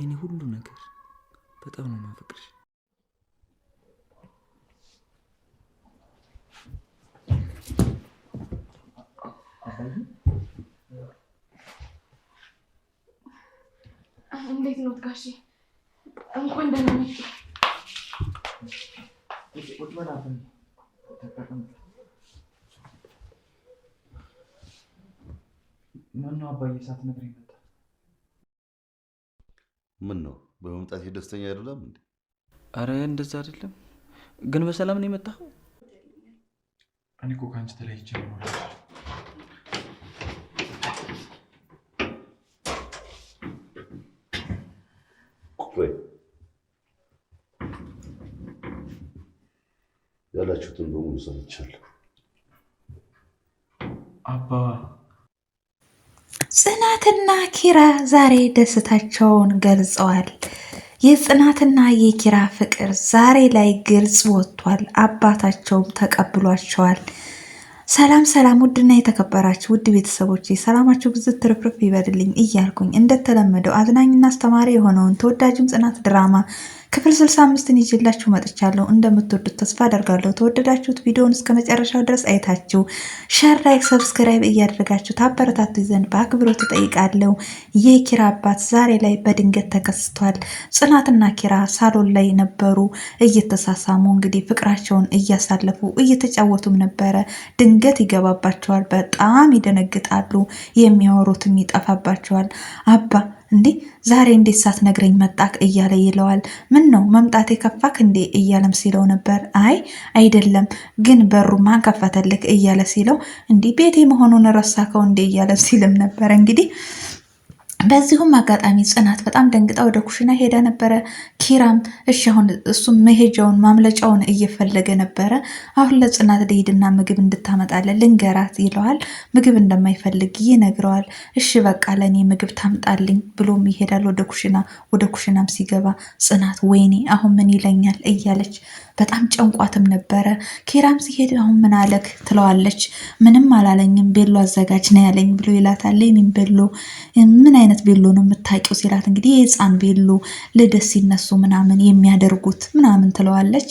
የኔ ሁሉ ነገር በጣም ነው ማፈቅርሽ። እንዴት ነው ጋሺ እንኳን ደህና መጡ። ምነው አባዬ ሳትነግሪኝ ምን ነው በመምጣት ደስተኛ አይደለም እንዴ? አረ እንደዛ አይደለም። ግን በሰላም ነው የመጣው? እኔ እኮ ከአንቺ ተለይቼ ያላችሁትን በሙሉ ሰምቻለሁ አባ ጽናትና ኪራ ዛሬ ደስታቸውን ገልጸዋል። የጽናትና የኪራ ፍቅር ዛሬ ላይ ግልጽ ወጥቷል። አባታቸውም ተቀብሏቸዋል። ሰላም ሰላም! ውድና የተከበራችሁ ውድ ቤተሰቦች ሰላማችሁ ብዙ ትርፍርፍ ይበድልኝ እያልኩኝ እንደተለመደው አዝናኝና አስተማሪ የሆነውን ተወዳጅም ጽናት ድራማ ክፍል 65ን ይዤላችሁ መጥቻለሁ። እንደምትወዱት ተስፋ አደርጋለሁ። ተወደዳችሁት ቪዲዮውን እስከ መጨረሻው ድረስ አይታችሁ ሸር፣ ላይክ፣ ሰብስክራይብ እያደረጋችሁ ታበረታቱ ዘንድ በአክብሮት እጠይቃለሁ። ይህ ኪራ አባት ዛሬ ላይ በድንገት ተከስቷል። ጽናትና ኪራ ሳሎን ላይ ነበሩ እየተሳሳሙ እንግዲህ ፍቅራቸውን እያሳለፉ እየተጫወቱም ነበረ። ድንገት ይገባባቸዋል። በጣም ይደነግጣሉ። የሚያወሩትም ይጠፋባቸዋል። አባ እንዴ ዛሬ እንዴት ሳትነግረኝ መጣክ እያለ ይለዋል። ምን ነው መምጣቴ ከፋክ እንዴ እያለም ሲለው ነበር። አይ አይደለም ግን በሩ ማን ከፈተልክ እያለ ሲለው እንዲህ ቤቴ መሆኑን ረሳከው እንዴ እያለም ሲልም ነበር እንግዲህ በዚሁም አጋጣሚ ጽናት በጣም ደንግጣ ወደ ኩሽና ሄዳ ነበረ። ኪራም እሺ አሁን እሱም መሄጃውን ማምለጫውን እየፈለገ ነበረ። አሁን ለጽናት ልሂድና ምግብ እንድታመጣለ ልንገራት ይለዋል። ምግብ እንደማይፈልግ ይነግረዋል። እሺ በቃ ለእኔ ምግብ ታምጣልኝ ብሎም ይሄዳል ወደ ኩሽና። ወደ ኩሽናም ሲገባ ጽናት ወይኔ አሁን ምን ይለኛል እያለች በጣም ጨንቋትም ነበረ። ኪራም ሲሄድ አሁን ምን አለክ ትለዋለች። ምንም አላለኝም ቤሎ አዘጋጅ ነው ያለኝ ብሎ ይላታል። እኔም ቤሎ ምን አይነት ቤሎ ነው የምታውቂው ሲላት እንግዲህ የህፃን ቤሎ ልደስ ሲነሱ ምናምን የሚያደርጉት ምናምን ትለዋለች።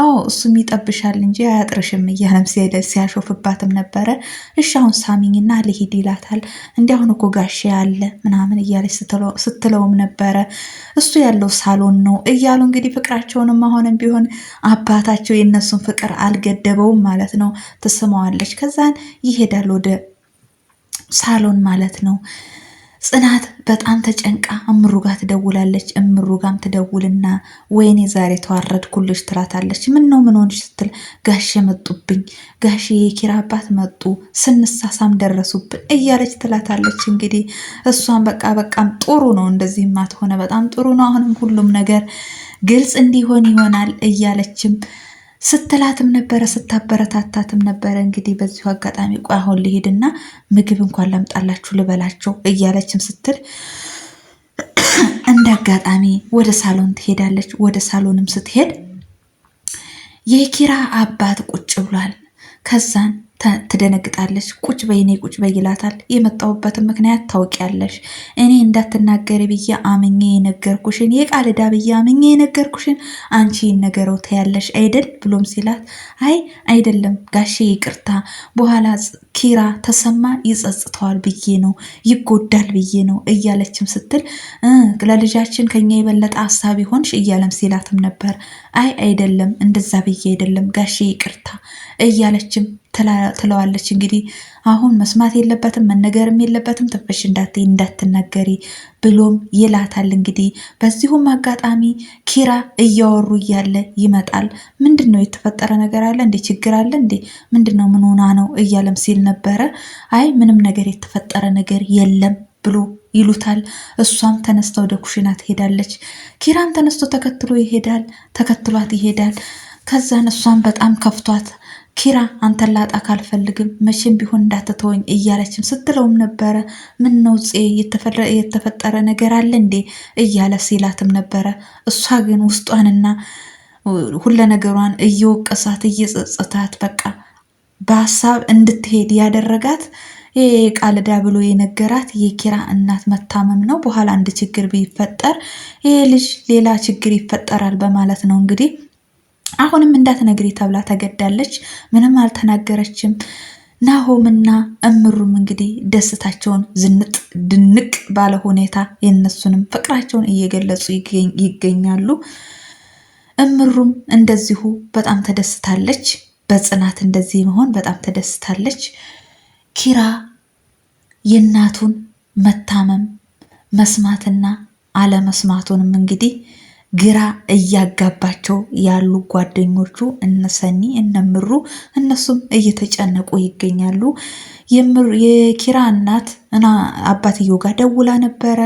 አዎ እሱም ይጠብሻል እንጂ አያጥርሽም እያለም ሲያሾፍባትም ነበረ። እሺ አሁን ሳሚኝና ልሂድ ይላታል። እንዲህ አሁን እኮ ጋሼ አለ ምናምን እያለች ስትለውም ነበረ። እሱ ያለው ሳሎን ነው እያሉ እንግዲህ ፍቅራቸውንም አሁንም ቢሆን አባታቸው የእነሱን ፍቅር አልገደበውም ማለት ነው። ትስመዋለች። ከዛን ይሄዳል ወደ ሳሎን ማለት ነው። ጽናት በጣም ተጨንቃ እምሩ ጋ ትደውላለች። እምሩ ጋም ትደውልና ወይኔ ዛሬ ተዋረድኩልሽ ትላታለች። ምን ነው ምን ሆንሽ ስትል ጋሽ መጡብኝ፣ ጋሽ የኪራ አባት መጡ፣ ስንሳሳም ደረሱብን እያለች ትላታለች። እንግዲህ እሷን በቃ በቃም ጥሩ ነው እንደዚህማ ትሆነ በጣም ጥሩ ነው። አሁንም ሁሉም ነገር ግልጽ እንዲሆን ይሆናል እያለችም ስትላትም ነበረ፣ ስታበረታታትም ነበረ። እንግዲህ በዚሁ አጋጣሚ ቆይ አሁን ልሄድና ምግብ እንኳን ላምጣላችሁ ልበላቸው እያለችም ስትል እንደ አጋጣሚ ወደ ሳሎን ትሄዳለች። ወደ ሳሎንም ስትሄድ የኪራ አባት ቁጭ ብሏል። ከዛን ትደነግጣለች። ቁጭ በይኔ ቁጭ በይ ይላታል። የመጣሁበትን ምክንያት ታውቂያለሽ። እኔ እንዳትናገሪ ብዬ አምኜ የነገርኩሽን የቃል ዕዳ ብዬ አምኜ የነገርኩሽን አንቺ ነገረው ተያለሽ አይደል ብሎም ሲላት፣ አይ አይደለም ጋሼ ይቅርታ፣ በኋላ ኪራ ተሰማ ይጸጽተዋል ብዬ ነው ይጎዳል ብዬ ነው እያለችም ስትል ለልጃችን ከኛ የበለጠ አሳቢ ሆንሽ እያለም ሲላትም ነበር። አይ አይደለም፣ እንደዛ ብዬ አይደለም ጋሼ ይቅርታ እያለችም ትለዋለች። እንግዲህ አሁን መስማት የለበትም መነገርም የለበትም ትንፍሽ እንዳትይ እንዳትናገሪ ብሎም ይላታል። እንግዲህ በዚሁም አጋጣሚ ኪራ እያወሩ እያለ ይመጣል። ምንድን ነው የተፈጠረ ነገር አለ እንዴ? ችግር አለ እንዴ? ምንድን ነው ምን ሆና ነው እያለም ሲል ነበረ። አይ ምንም ነገር የተፈጠረ ነገር የለም ብሎ ይሉታል። እሷም ተነስታ ወደ ኩሽና ትሄዳለች። ኪራም ተነስቶ ተከትሎ ይሄዳል። ተከትሏት ይሄዳል። ከዛን እሷም በጣም ከፍቷት ኪራ አንተን ላጣህ አልፈልግም መቼም ቢሆን እንዳትተወኝ እያለችም ስትለውም ነበረ። ምን ነው ፄ የተፈጠረ ነገር አለ እንዴ እያለ ሲላትም ነበረ። እሷ ግን ውስጧንና ሁለ ነገሯን እየወቀሳት እየጸጸታት በቃ በሀሳብ እንድትሄድ ያደረጋት ቃልዳ ብሎ የነገራት የኪራ እናት መታመም ነው። በኋላ አንድ ችግር ቢፈጠር ይሄ ልጅ ሌላ ችግር ይፈጠራል በማለት ነው እንግዲህ አሁንም እንዳትነግሪ ተብላ ተገዳለች። ምንም አልተናገረችም። ናሆምና እምሩም እንግዲህ ደስታቸውን ዝንጥ ድንቅ ባለ ሁኔታ የነሱንም ፍቅራቸውን እየገለጹ ይገኛሉ። እምሩም እንደዚሁ በጣም ተደስታለች። በጽናት እንደዚህ መሆን በጣም ተደስታለች። ኪራ የእናቱን መታመም መስማትና አለመስማቱንም እንግዲህ ግራ እያጋባቸው ያሉ ጓደኞቹ እነ ሰኒ እነ ምሩ እነሱም እየተጨነቁ ይገኛሉ። የምር የኪራ እናት እና አባትየው ጋር ደውላ ነበረ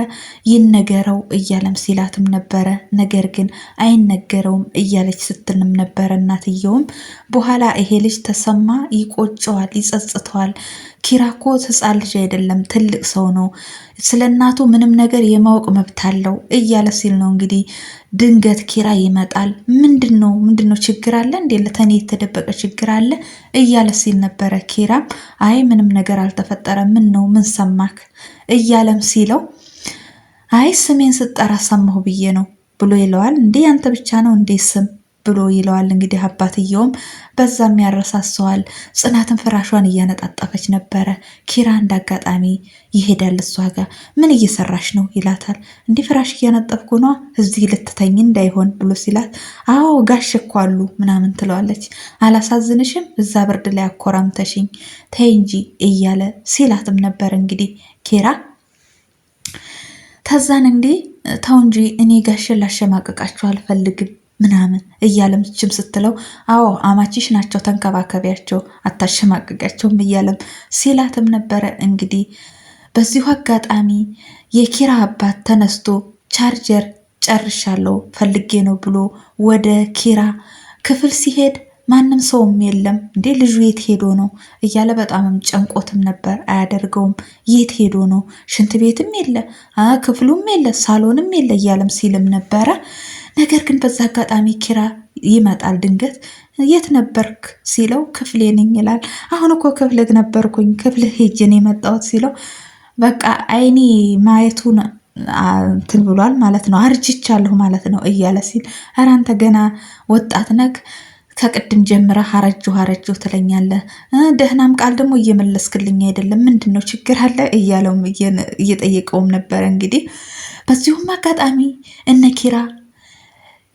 ይነገረው እያለም ሲላትም ነበረ። ነገር ግን አይነገረውም እያለች ስትልም ነበረ። እናትየውም በኋላ ይሄ ልጅ ተሰማ ይቆጨዋል፣ ይጸጽተዋል። ኪራኮ ሕፃን ልጅ አይደለም ትልቅ ሰው ነው፣ ስለ እናቱ ምንም ነገር የማወቅ መብት አለው እያለ ሲል ነው እንግዲህ ድንገት ኪራ ይመጣል። ምንድን ነው ምንድን ነው ችግር አለ እንዴ? ለተኔ የተደበቀ ችግር አለ እያለ ሲል ነበረ። ኪራም አይ ምንም ምንም ነገር አልተፈጠረም፣ ምን ነው ምን ሰማክ እያለም ሲለው አይ ስሜን ስጠራ ሰማሁ ብዬ ነው ብሎ ይለዋል። እንዲህ ያንተ ብቻ ነው እንዴ ስም ብሎ ይለዋል። እንግዲህ አባትየውም በዛም ያረሳሰዋል። ጽናትን ፍራሿን እያነጣጠፈች ነበረ። ኪራ እንደ አጋጣሚ ይሄዳል እሷ ጋር። ምን እየሰራሽ ነው ይላታል። እንዲህ ፍራሽ እያነጠፍኩ ነዋ፣ እዚህ ልትተኝ እንዳይሆን ብሎ ሲላት፣ አዎ ጋሽ እኮ አሉ ምናምን ትለዋለች። አላሳዝንሽም እዛ ብርድ ላይ አኮራምተሽኝ ተይ እንጂ እያለ ሲላትም ነበር እንግዲህ ኪራ ተዛን እንዲህ ተው እንጂ እኔ ጋሽን ላሸማቀቃቸው አልፈልግም ምናምን እያለምችም ስትለው አዎ አማችሽ ናቸው ተንከባከቢያቸው፣ አታሸማቅቂያቸውም እያለም ሲላትም ነበረ። እንግዲህ በዚሁ አጋጣሚ የኪራ አባት ተነስቶ ቻርጀር ጨርሻለሁ ፈልጌ ነው ብሎ ወደ ኪራ ክፍል ሲሄድ ማንም ሰውም የለም። እንዴ ልጁ የት ሄዶ ነው እያለ በጣምም ጨንቆትም ነበር። አያደርገውም የት ሄዶ ነው? ሽንት ቤትም የለ፣ ክፍሉም የለ፣ ሳሎንም የለ እያለም ሲልም ነበረ። ነገር ግን በዛ አጋጣሚ ኪራ ይመጣል ድንገት። የት ነበርክ ሲለው ክፍሌ ነኝ ይላል። አሁን እኮ ክፍልህ ነበርኩኝ ክፍልህ ሄጅን የመጣሁት ሲለው በቃ አይኔ ማየቱን እንትን ብሏል ማለት ነው። አርጅቻለሁ ማለት ነው እያለ ሲል ኧረ አንተ ገና ወጣት ነክ ከቅድም ጀምረህ አረጅሁ አረጅሁ ትለኛለህ። ደህናም ቃል ደግሞ እየመለስክልኝ አይደለም፣ ምንድን ነው ችግር አለ እያለውም እየጠየቀውም ነበረ። እንግዲህ በዚሁም አጋጣሚ እነ ኪራ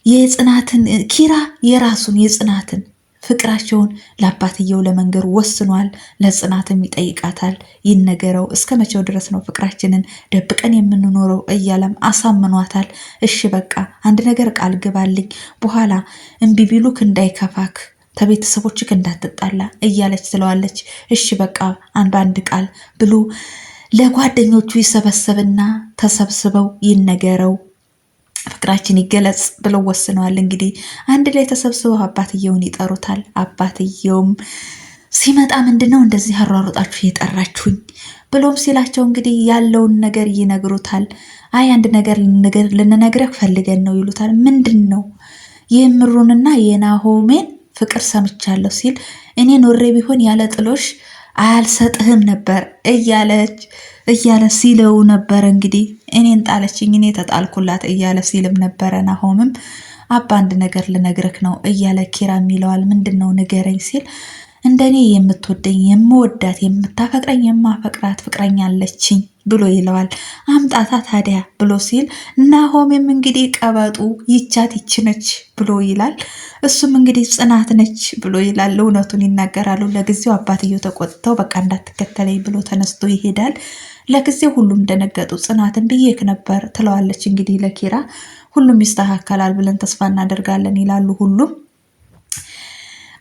የጽናትን ኪራ የራሱን የጽናትን ፍቅራቸውን ለአባትየው ለመንገድ ወስኗል። ለጽናትም ይጠይቃታል፣ ይነገረው እስከ መቼው ድረስ ነው ፍቅራችንን ደብቀን የምንኖረው እያለም አሳምኗታል። እሺ በቃ አንድ ነገር ቃል ግባልኝ፣ በኋላ እምቢ ቢሉክ እንዳይከፋክ፣ ከቤተሰቦች እንዳትጣላ እያለች ትለዋለች። እሺ በቃ አንድ ቃል ብሎ ለጓደኞቹ ይሰበሰብና ተሰብስበው ይነገረው ፍቅራችን ይገለጽ ብለው ወስነዋል። እንግዲህ አንድ ላይ ተሰብስበው አባትየውን ይጠሩታል። አባትየውም ሲመጣ ምንድን ነው እንደዚህ አሯሩጣችሁ የጠራችሁኝ ብሎም ሲላቸው እንግዲህ ያለውን ነገር ይነግሩታል። አይ አንድ ነገር ልንነግረህ ፈልገን ነው ይሉታል። ምንድን ነው የምሩንና የናሆሜን ፍቅር ሰምቻለሁ ሲል እኔ ኖሬ ቢሆን ያለ ጥሎሽ አያልሰጥህም ነበር እያለች እያለ ሲለው ነበር። እንግዲህ እኔን ጣለችኝ፣ እኔ ተጣልኩላት እያለ ሲልም ነበረ። ናሆምም አባ አንድ ነገር ልነግርህ ነው እያለ ኪራም ይለዋል። ምንድን ነው ንገረኝ ሲል እንደኔ የምትወደኝ የምወዳት የምታፈቅረኝ የማፈቅራት ፍቅረኛ አለችኝ ብሎ ይለዋል። አምጣታ ታዲያ ብሎ ሲል ናሆምም እንግዲህ ቀበጡ ይቻት ይችነች ብሎ ይላል። እሱም እንግዲህ ጽናት ነች ብሎ ይላል። እውነቱን ይናገራሉ። ለጊዜው አባትየው ተቆጥተው በቃ እንዳትከተለኝ ብሎ ተነስቶ ይሄዳል። ለጊዜ ሁሉም ደነገጡ። ጽናትን ብዬክ ነበር ትለዋለች። እንግዲህ ለኪራ ሁሉም ይስተካከላል ብለን ተስፋ እናደርጋለን ይላሉ ሁሉም።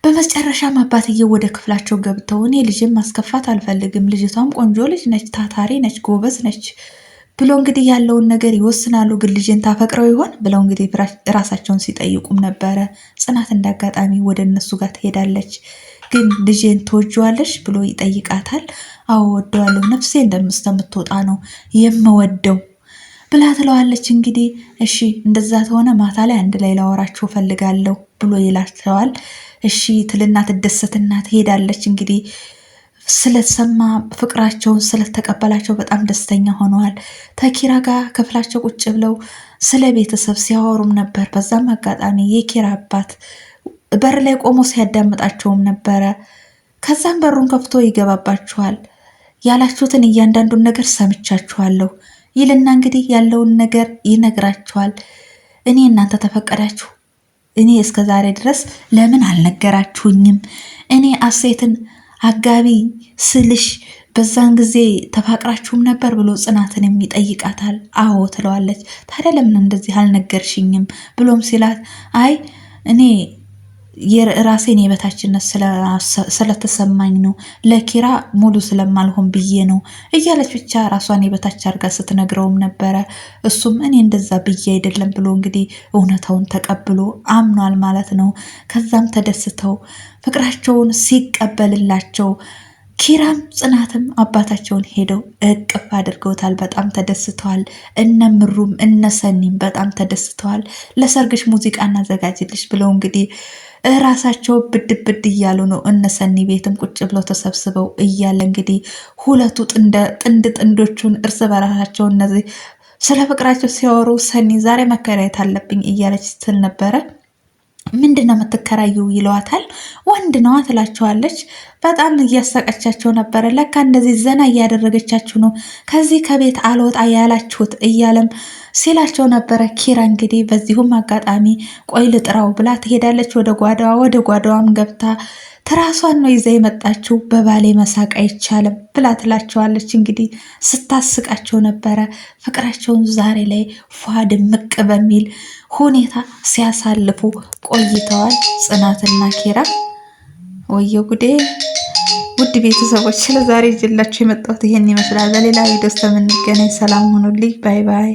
በመጨረሻም አባትዬ ወደ ክፍላቸው ገብተው እኔ ልጅም ማስከፋት አልፈልግም፣ ልጅቷም ቆንጆ ልጅ ነች፣ ታታሪ ነች፣ ጎበዝ ነች ብሎ እንግዲህ ያለውን ነገር ይወስናሉ። ግን ልጅን ታፈቅረው ይሆን ብለው እንግዲህ ራሳቸውን ሲጠይቁም ነበረ። ጽናት እንዳጋጣሚ ወደ እነሱ ጋር ትሄዳለች። ግን ልጄን ትወጂዋለሽ ብሎ ይጠይቃታል። አዎ ወደዋለሁ፣ ነፍሴ እንደምትወጣ ነው የምወደው ብላ ትለዋለች። እንግዲህ እሺ እንደዛ ተሆነ ማታ ላይ አንድ ላይ ላወራቸው ፈልጋለሁ ብሎ ይላቸዋል። እሺ ትልና ትደሰትና ትሄዳለች። እንግዲህ ስለተሰማ ፍቅራቸውን ስለተቀበላቸው በጣም ደስተኛ ሆነዋል። ተኪራ ጋር ክፍላቸው ቁጭ ብለው ስለ ቤተሰብ ሲያወሩም ነበር። በዛም አጋጣሚ የኪራ አባት በር ላይ ቆሞ ሲያዳምጣቸውም ነበረ። ከዛም በሩን ከፍቶ ይገባባችኋል። ያላችሁትን እያንዳንዱን ነገር ሰምቻችኋለሁ ይልና እንግዲህ ያለውን ነገር ይነግራችኋል። እኔ እናንተ ተፈቀዳችሁ እኔ እስከ ዛሬ ድረስ ለምን አልነገራችሁኝም? እኔ አሴትን አጋቢ ስልሽ በዛን ጊዜ ተፋቅራችሁም ነበር ብሎ ጽናትንም ይጠይቃታል። አዎ ትለዋለች። ታዲያ ለምን እንደዚህ አልነገርሽኝም ብሎም ሲላት አይ እኔ ራሴን የበታችነት ስለተሰማኝ ነው፣ ለኪራ ሙሉ ስለማልሆን ብዬ ነው እያለች ብቻ ራሷን የበታች አድርጋ ስትነግረውም ነበረ። እሱም እኔ እንደዛ ብዬ አይደለም ብሎ እንግዲህ እውነታውን ተቀብሎ አምኗል ማለት ነው። ከዛም ተደስተው ፍቅራቸውን ሲቀበልላቸው ኪራም ጽናትም አባታቸውን ሄደው እቅፍ አድርገውታል። በጣም ተደስተዋል። እነ ምሩም እነ ሰኒም በጣም ተደስተዋል። ለሰርግሽ ሙዚቃ እናዘጋጅልሽ ብለው እንግዲህ ራሳቸው ብድብድ እያሉ ነው። እነ ሰኒ ቤትም ቁጭ ብለው ተሰብስበው እያለ እንግዲህ ሁለቱ ጥንድ ጥንዶቹን እርስ በራሳቸው እነዚህ ስለ ፍቅራቸው ሲያወሩ ሰኒ ዛሬ መከራየት አለብኝ እያለች ስትል ነበረ። ምንድን ነው የምትከራየው ይለዋታል። ወንድ ነዋ ትላቸዋለች። በጣም እያሰቀቻቸው ነበረ። ለካ እንደዚህ ዘና እያደረገቻችሁ ነው ከዚህ ከቤት አልወጣ ያላችሁት እያለም ሲላቸው ነበረ። ኪራ እንግዲህ በዚሁም አጋጣሚ ቆይ ልጥራው ብላ ትሄዳለች ወደ ጓዳዋ። ወደ ጓዳዋም ገብታ ትራሷን ነው ይዛ የመጣችው። በባሌ መሳቅ አይቻልም ብላ ትላቸዋለች። እንግዲህ ስታስቃቸው ነበረ ፍቅራቸውን ዛሬ ላይ ፏ ድምቅ በሚል ሁኔታ ሲያሳልፉ ቆይተዋል ጽናትና ኬራ። ወየ ጉዴ! ውድ ቤተሰቦች ስለ ዛሬ ይዤላችሁ የመጣሁት ይሄን ይመስላል። በሌላ ቪዲዮ እስከምንገናኝ ሰላም ሁኑልኝ። ባይ ባይ።